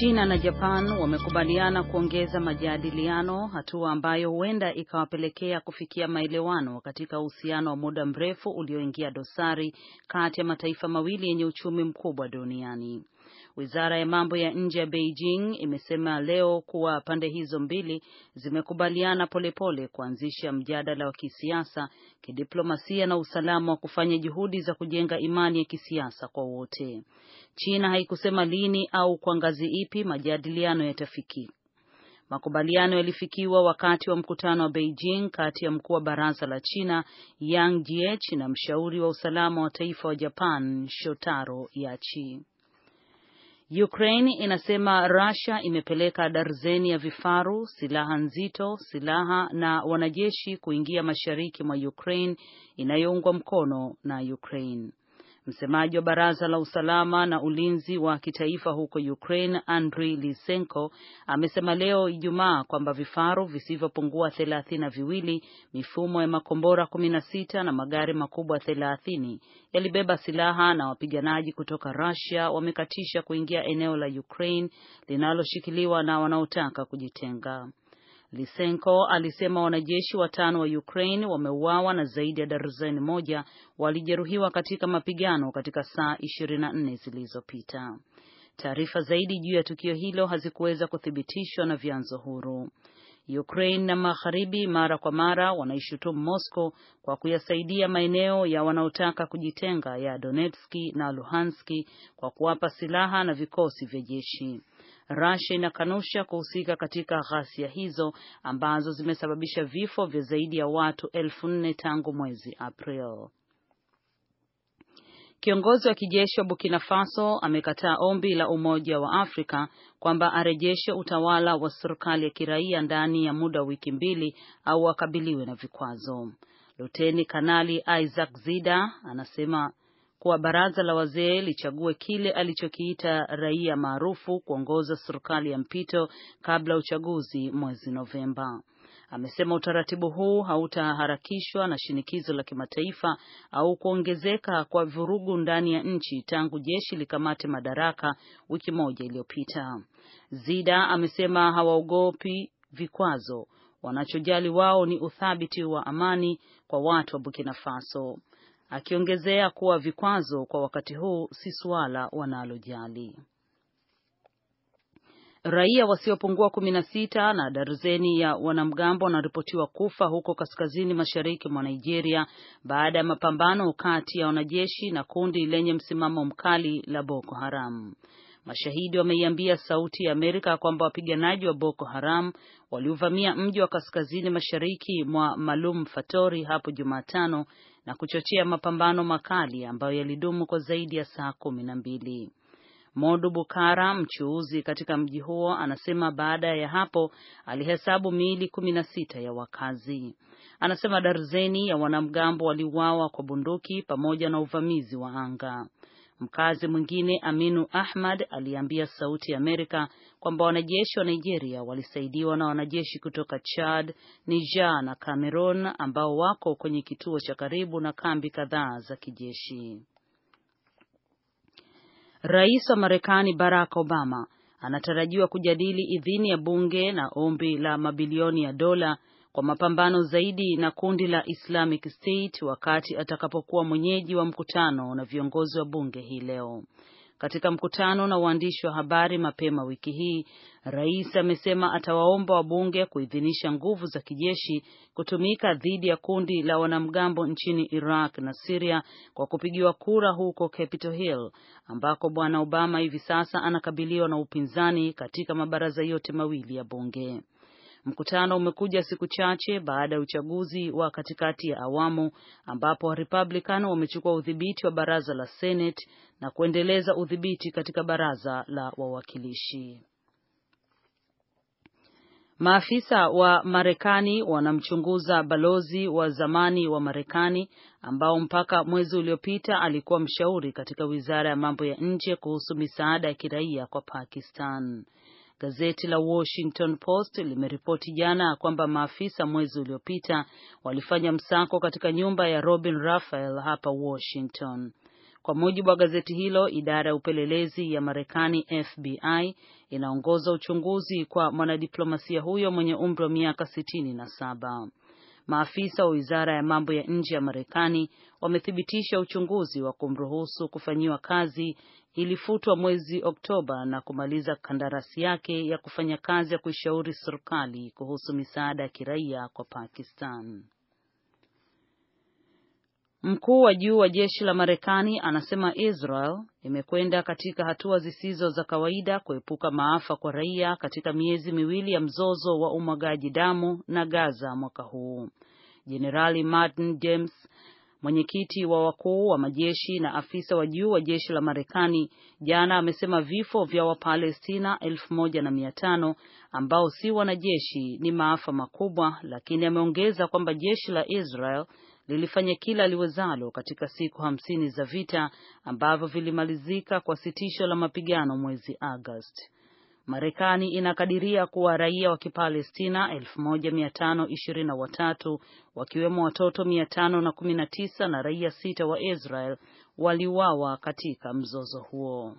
China na Japan wamekubaliana kuongeza majadiliano, hatua ambayo huenda ikawapelekea kufikia maelewano katika uhusiano wa muda mrefu ulioingia dosari kati ya mataifa mawili yenye uchumi mkubwa duniani. Wizara ya mambo ya nje ya Beijing imesema leo kuwa pande hizo mbili zimekubaliana polepole kuanzisha mjadala wa kisiasa, kidiplomasia na usalama wa kufanya juhudi za kujenga imani ya kisiasa kwa wote. China haikusema lini au kwa ngazi ipi majadiliano yatafikia. Makubaliano yalifikiwa wakati wa mkutano wa Beijing kati ya mkuu wa baraza la China Yang jiech na mshauri wa usalama wa taifa wa Japan Shotaro Yachi. Ukraine inasema Russia imepeleka darzeni ya vifaru, silaha nzito, silaha na wanajeshi kuingia mashariki mwa Ukraine inayoungwa mkono na Ukraine. Msemaji wa baraza la usalama na ulinzi wa kitaifa huko Ukraine, Andriy Lisenko, amesema leo Ijumaa kwamba vifaru visivyopungua thelathini na viwili, mifumo ya makombora kumi na sita na magari makubwa thelathini yalibeba silaha na wapiganaji kutoka Russia wamekatisha kuingia eneo la Ukraine linaloshikiliwa na wanaotaka kujitenga. Lisenko alisema wanajeshi watano wa Ukraine wameuawa na zaidi ya darzeni moja walijeruhiwa katika mapigano katika saa 24 zilizopita. Taarifa zaidi juu ya tukio hilo hazikuweza kuthibitishwa na vyanzo huru. Ukraine na Magharibi mara kwa mara wanaishutumu Moscow kwa kuyasaidia maeneo ya wanaotaka kujitenga ya Donetski na Luhanski kwa kuwapa silaha na vikosi vya jeshi. Russia inakanusha kuhusika katika ghasia hizo ambazo zimesababisha vifo vya zaidi ya watu elfu nne tangu mwezi April. Kiongozi wa kijeshi wa Burkina Faso amekataa ombi la Umoja wa Afrika kwamba arejeshe utawala wa serikali ya kiraia ndani ya muda wa wiki mbili au akabiliwe na vikwazo. Luteni Kanali Isaac Zida anasema kuwa baraza la wazee lichague kile alichokiita raia maarufu kuongoza serikali ya mpito kabla uchaguzi mwezi Novemba. Amesema utaratibu huu hautaharakishwa na shinikizo la kimataifa au kuongezeka kwa vurugu ndani ya nchi tangu jeshi likamate madaraka wiki moja iliyopita. Zida amesema hawaogopi vikwazo, wanachojali wao ni uthabiti wa amani kwa watu wa Burkina Faso akiongezea kuwa vikwazo kwa wakati huu si suala wanalojali. Raia wasiopungua kumi na sita na darzeni ya wanamgambo wanaripotiwa kufa huko kaskazini mashariki mwa Nigeria baada ya mapambano kati ya wanajeshi na kundi lenye msimamo mkali la Boko Haram. Mashahidi wameiambia Sauti ya Amerika kwamba wapiganaji wa Boko Haram waliuvamia mji wa kaskazini mashariki mwa Malum Fatori hapo Jumatano na kuchochea mapambano makali ambayo yalidumu kwa zaidi ya saa kumi na mbili. Modu Bukara, mchuuzi katika mji huo, anasema baada ya hapo alihesabu miili kumi na sita ya wakazi. Anasema darzeni ya wanamgambo waliuawa kwa bunduki pamoja na uvamizi wa anga. Mkazi mwingine Aminu Ahmad aliambia Sauti ya Amerika kwamba wanajeshi wa Nigeria walisaidiwa na wanajeshi kutoka Chad, Niger na Cameroon ambao wako kwenye kituo cha karibu na kambi kadhaa za kijeshi. Rais wa Marekani Barack Obama anatarajiwa kujadili idhini ya bunge na ombi la mabilioni ya dola kwa mapambano zaidi na kundi la Islamic State wakati atakapokuwa mwenyeji wa mkutano na viongozi wa bunge hii leo. Katika mkutano na waandishi wa habari mapema wiki hii, rais amesema atawaomba wabunge kuidhinisha nguvu za kijeshi kutumika dhidi ya kundi la wanamgambo nchini Iraq na Siria kwa kupigiwa kura huko Capitol Hill ambako bwana Obama hivi sasa anakabiliwa na upinzani katika mabaraza yote mawili ya bunge. Mkutano umekuja siku chache baada ya uchaguzi wa katikati ya awamu ambapo Warepublican wamechukua udhibiti wa baraza la Senate na kuendeleza udhibiti katika baraza la wawakilishi. Maafisa wa Marekani wanamchunguza balozi wa zamani wa Marekani ambao mpaka mwezi uliopita alikuwa mshauri katika wizara ya mambo ya nje kuhusu misaada ya kiraia kwa Pakistan. Gazeti la Washington Post limeripoti jana kwamba maafisa mwezi uliopita walifanya msako katika nyumba ya Robin Raphael hapa Washington. Kwa mujibu wa gazeti hilo, idara ya upelelezi ya Marekani FBI inaongoza uchunguzi kwa mwanadiplomasia huyo mwenye umri wa miaka sitini na saba. Maafisa wa wizara ya mambo ya nje ya Marekani wamethibitisha uchunguzi wa kumruhusu kufanyiwa kazi ilifutwa mwezi Oktoba na kumaliza kandarasi yake ya kufanya kazi ya kuishauri serikali kuhusu misaada ya kiraia kwa Pakistan. Mkuu wa juu wa jeshi la Marekani anasema Israel imekwenda katika hatua zisizo za kawaida kuepuka maafa kwa raia katika miezi miwili ya mzozo wa umwagaji damu na Gaza mwaka huu. Jenerali Martin James, mwenyekiti wa wakuu wa majeshi na afisa wa juu wa jeshi la Marekani, jana amesema vifo vya Wapalestina elfu moja na mia tano ambao si wanajeshi ni maafa makubwa, lakini ameongeza kwamba jeshi la Israel lilifanya kila liwezalo katika siku hamsini za vita ambavyo vilimalizika kwa sitisho la mapigano mwezi Agosti. Marekani inakadiria kuwa raia wa Kipalestina 1523 wakiwemo watoto 519 na raia sita wa Israel waliuawa katika mzozo huo.